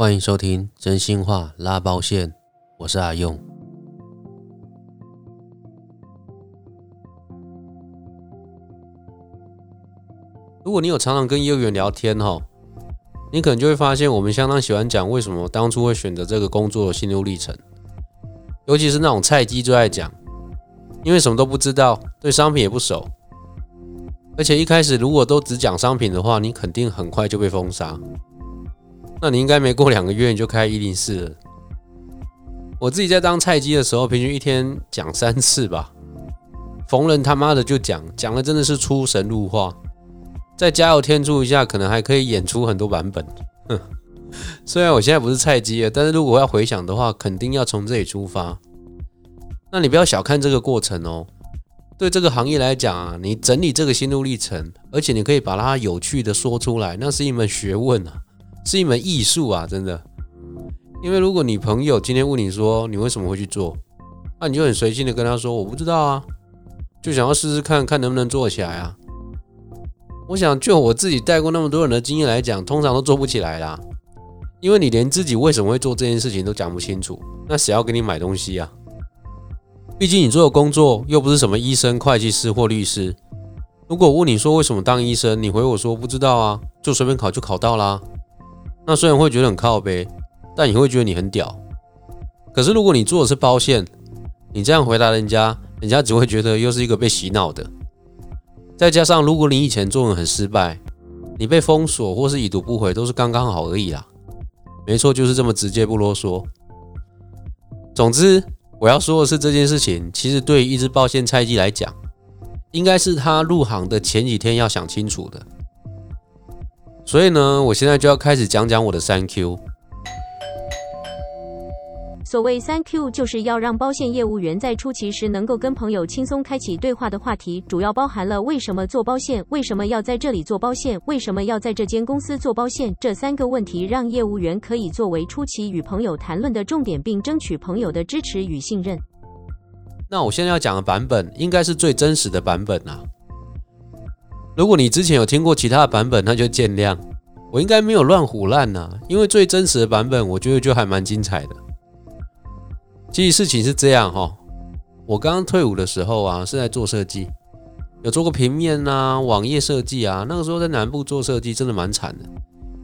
歡迎收聽真心話拉爆線，我是阿用。如果你有常常跟業務員聊天哈，你可能就會發現，我們相當喜歡講為什麼當初會選擇這個工作的心路歷程，尤其是那種菜雞最愛講，因為什麼都不知道，對商品也不熟，而且一開始如果都只講商品的話，你肯定很快就被封殺。那你應該沒過兩個月你就開一零四了。我自己在當菜雞的時候，平均一天講三次吧，逢人他媽的就講，講的真的是出神入化，再加油添醋一下，可能還可以演出很多版本。哼，雖然我現在不是菜雞了，但是如果我要回想的話，肯定要從這裡出發。那你不要小看這個過程哦。對這個行業來講啊，你整理這個心路歷程，而且你可以把它有趣的說出來，那是一門學問啊。是一門藝術啊，真的。因為如果你朋友今天問你說，你為什麼會去做啊，那你就很隨性的跟他說，我不知道啊，就想要試試看看能不能做起來啊。我想就我自己帶過那麼多人的經驗來講，通常都做不起來啦，因為你連自己為什麼會做這件事情都講不清楚，那誰要給你買東西啊？畢竟你做的工作又不是什麼醫生、會計師或律師。如果我問你說，為什麼當醫生，你回我說不知道啊，就隨便考就考到啦啊。那雖然會覺得很靠北，但你會覺得你很屌。可是如果你做的是包餡，你這樣回答人家，人家只會覺得又是一個被洗腦的。再加上如果你以前做的很失敗，你被封鎖或是已讀不回，都是剛剛好而已啦。沒錯，就是這麼直接不囉嗦。總之，我要說的是這件事情，其實對一只包餡菜雞來講，應該是他入行的前幾天要想清楚的。所以呢，我現在就要開始講講我的 3Q。所謂 3Q，就是要讓包餡業務員在初期時能夠跟朋友輕鬆開啟對話的話題，主要包含了為什麼做包餡、為什麼要在這裡做包餡、為什麼要在這間公司做包餡這三個問題，讓業務員可以作為初期與朋友談論的重點，並爭取朋友的支持與信任。那我現在要講的版本，應該是最真實的版本啊。如果你之前有聽過其他的版本，那就見諒。我應該沒有亂唬爛吶，因為最真實的版本，我覺得就還蠻精彩的。其實事情是這樣哈，我剛剛退伍的時候啊，是在做設計，有做過平面吶、啊、網頁設計啊。那個時候在南部做設計，真的蠻慘的，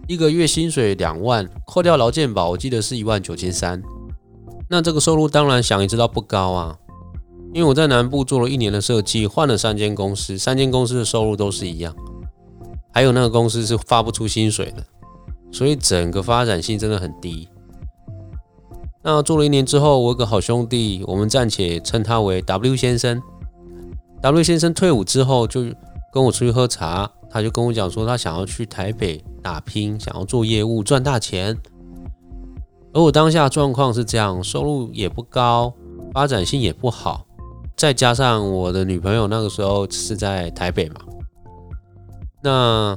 一個月薪水兩萬，扣掉勞健保，我記得是一萬九千三。那這個收入當然想也知道不高啊。因為我在南部做了一年的設計，換了三間公司，三間公司的收入都是一樣，還有那個公司是發不出薪水的，所以整個發展性真的很低。那做了一年之後，我有個好兄弟，我們暫且稱他為 W 先生。W 先生退伍之後就跟我出去喝茶，他就跟我講說他想要去台北打拼，想要做業務賺大錢。而我當下的狀況是這樣，收入也不高，發展性也不好。再加上我的女朋友那個時候是在台北嘛，那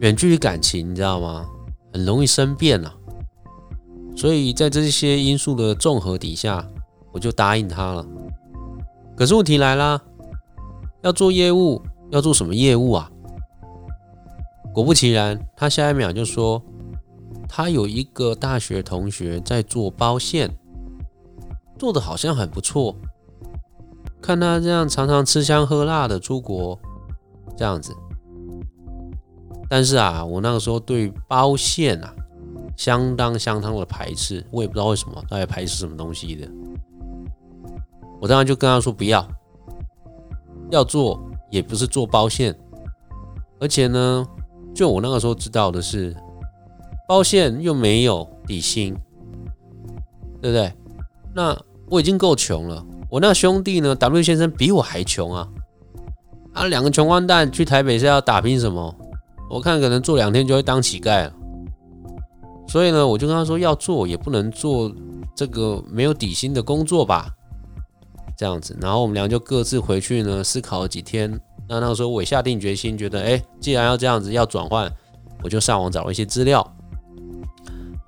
遠距離感情你知道嗎？很容易生變吶、啊，所以在這些因素的綜合底下，我就答應他了。可是問題來了，要做業務，要做什麼業務啊？果不其然，他下一秒就說，他有一個大學同學在做包餡，做得好像很不錯。看他這樣常常吃香喝辣的出國，這樣子。但是啊，我那個時候對於包餡啊，相當相當的排斥。我也不知道為什麼，大概排斥什麼東西的。我當時就跟他說不要，要做也不是做包餡，而且呢，就我那個時候知道的是，包餡又沒有底薪，對不對？那我已經夠窮了。我那兄弟呢，W 先生比我還窮啊！啊，兩個窮光蛋去台北是要打拼什麼？我看可能做兩天就會當乞丐了。所以呢，我就跟他說，要做也不能做這個沒有底薪的工作吧。這樣子，然後我們倆就各自回去呢，思考了幾天。那那個時候，我也下定決心，覺得哎、欸，既然要這樣子要轉換，我就上網找了一些資料。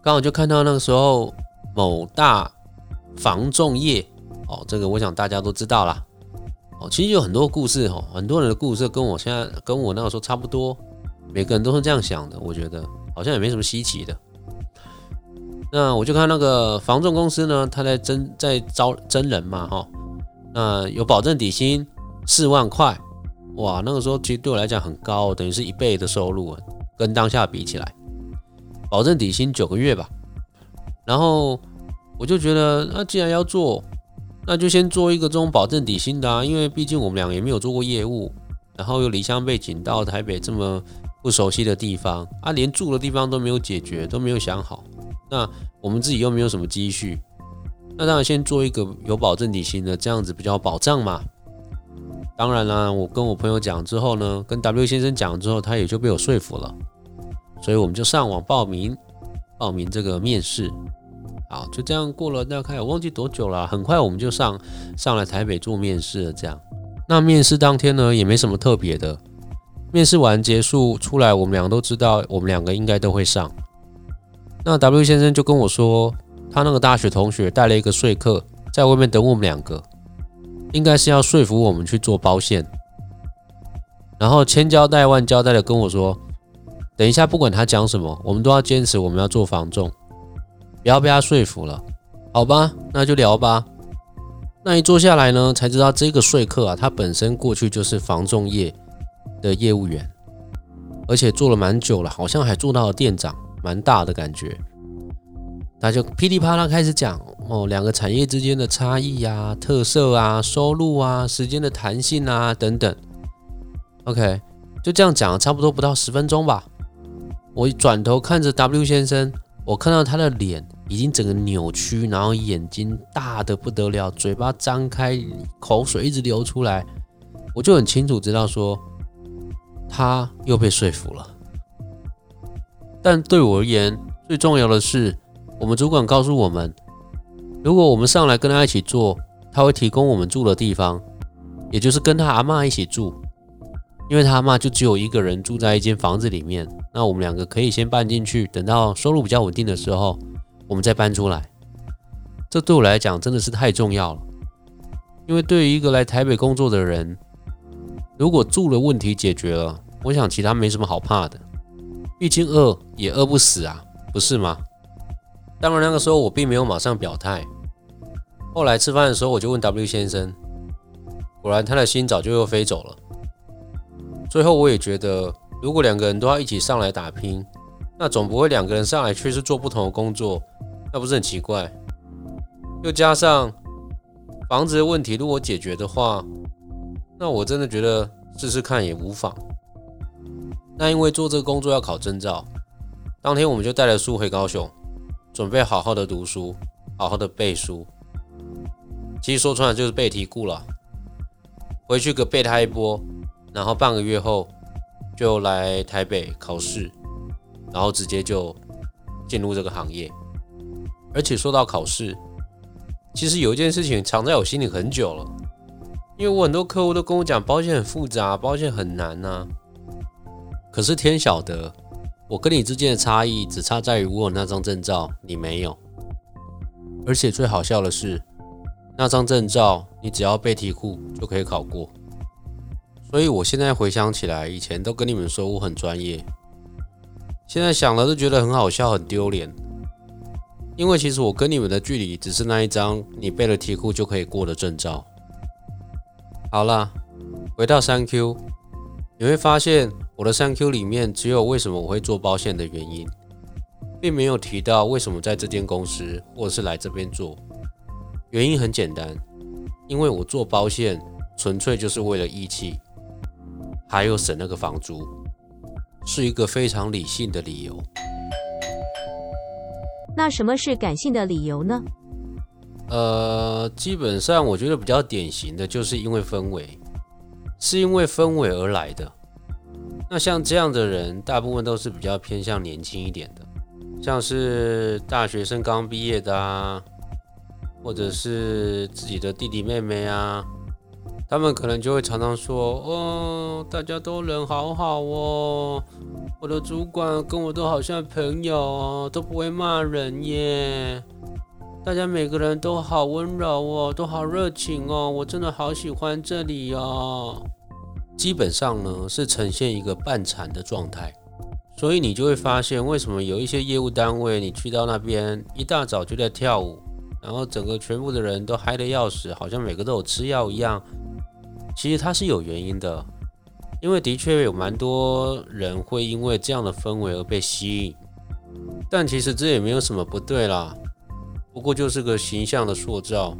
剛好就看到那個時候某大房仲業。哦，這個我想大家都知道啦。哦，其實有很多故事，哦，很多人的故事跟我現在跟我那個時候差不多，每個人都是這樣想的。我覺得好像也沒什麼稀奇的。那我就看那個房仲公司呢，他在徵在招徵人嘛、哦，哈。那有保證底薪四萬塊，哇，那個時候其實對我來講很高，等於是一倍的收入，跟當下比起來，保證底薪九個月吧。然後我就覺得，那既然要做。那就先做一個這種保證底薪的、啊，因為畢竟我們倆也沒有做過業務，然後又離鄉背井到台北這麼不熟悉的地方，啊。連住的地方都沒有解決，都沒有想好。那我們自己又沒有什麼積蓄，那當然先做一個有保證底薪的，這樣子比較保障嘛。當然啦、啊，我跟我朋友講之後呢，跟 W 先生講之後，他也就被我說服了，所以我們就上網報名，報名這個面試。好，就這樣過了那，那看我忘記多久了。很快我們就上上來台北做面試了。這樣，那面試當天呢，也沒什麼特別的。面試完結束出來，我們兩個都知道，我們兩個應該都會上。那 W 先生就跟我說，他那個大學同學帶了一個說客在外面等我們兩個，應該是要說服我們去做包餡。然後千交代萬交代的跟我說，等一下不管他講什麼，我們都要堅持我們要做防重。不要被他說服了。好吧，那就聊吧。那一坐下來呢，才知道這個說客啊，他本身過去就是房仲業的業務員，而且做了蠻久了，好像還做到了店長，蠻大的感覺。他就噼里啪啦開始講哦，兩個產業之間的差異啊、特色啊、收入啊、時間的彈性啊等等。OK，就這樣講了差不多不到十分鐘吧。我一轉頭看着 W 先生，我看到他的臉。已經整個扭曲，然後眼睛大得不得了，嘴巴張開，口水一直流出來，我就很清楚知道說，他又被說服了。但對我而言，最重要的是，我們主管告訴我們，如果我們上來跟他一起做，他會提供我們住的地方，也就是跟他阿嬤一起住，因為他阿嬤就只有一個人住在一間房子裡面，那我們兩個可以先搬進去，等到收入比較穩定的時候。我們再搬出來，這對我來講真的是太重要了。因為對於一個來台北工作的人，如果住的問題解決了，我想其他沒什麼好怕的。畢竟餓也餓不死啊，不是嗎？當然，那個時候我並沒有馬上表態。後來吃飯的時候，我就問 W 先生，果然他的心早就又飛走了。最後我也覺得，如果兩個人都要一起上來打拼，那總不會兩個人上來卻是做不同的工作，那不是很奇怪？又加上房子的問題，如果解決的話，那我真的覺得試試看也無妨。那因為做這個工作要考證照，當天我們就帶了書回高雄，準備好好的讀書，好好的背書。其實說穿了就是背題庫了，回去給背他一波，然後半個月後就來台北考試。然後直接就進入這個行業，而且說到考試，其實有一件事情藏在我心裡很久了，因為我很多客戶都跟我講保險很複雜啊，保險很難吶啊。可是天曉得，我跟你之間的差異只差在於我有那張證照，你沒有。而且最好笑的是，那張證照你只要背題庫就可以考過。所以我現在回想起來，以前都跟你們說我很專業。現在想了，就覺得很好笑，很丟臉。因為其實我跟你們的距離，只是那一張你背了題庫就可以過的證照。好了，回到三 Q，你會發現我的三 Q 裡面只有為什麼我會做包餡的原因，並沒有提到為什麼在這間公司或者是來這邊做。原因很簡單，因為我做包餡純粹就是為了義氣，還有省那個房租。是一個非常理性的理由。那什麼是感性的理由呢？呃，基本上我覺得比較典型的就是因為氛圍，是因為氛圍而來的。那像這樣的人，大部分都是比較偏向年輕一點的，像是大學生剛畢業的啊，或者是自己的弟弟妹妹啊。他們可能就會常常說：“哦，大家都人好好哦，我的主管跟我都好像朋友，都不會罵人耶。大家每個人都好溫柔哦，都好熱情哦，我真的好喜歡這裡哦。”基本上呢，是呈現一個半殘的狀態，所以你就會發現，為什麼有一些業務單位，你去到那邊，一大早就在跳舞，然後整個全部的人都嗨得要死，好像每個都有吃藥一樣。其實它是有原因的，因為的確有蠻多人會因為這樣的氛圍而被吸引，但其實這也沒有什麼不對啦，不過就是個形象的塑造，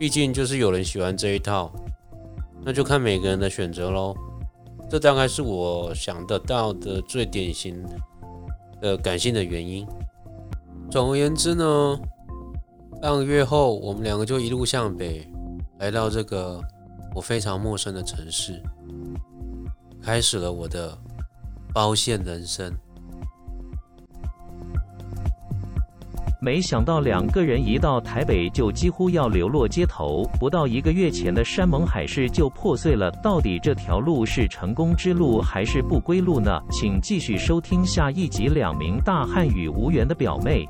畢竟就是有人喜歡這一套，那就看每個人的選擇嘍。這大概是我想得到的最典型的感性的原因。總而言之呢，半個月後我們兩個就一路向北，來到這個。我非常陌生的城市，開始了我的包餡人生。沒想到兩個人一到台北就幾乎要流落街頭，不到一個月前的山盟海誓就破碎了。到底這條路是成功之路還是不歸路呢？請繼續收聽下一集：兩名大漢與無緣的表妹。